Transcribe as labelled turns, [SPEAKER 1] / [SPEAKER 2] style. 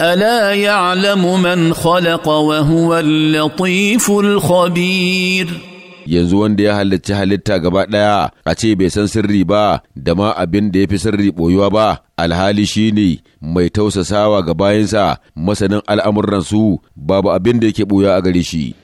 [SPEAKER 1] الا يعلم من خلق وهو اللطيف الخبير
[SPEAKER 2] yanzu wanda ya halarci halitta gaba ɗaya a ce bai san sirri ba da ma abin da ya fi sirri ɓoyuwa ba alhali shi ne mai tausasawa ga bayansa masanin al'amuransu babu abin da yake ɓoya a gare shi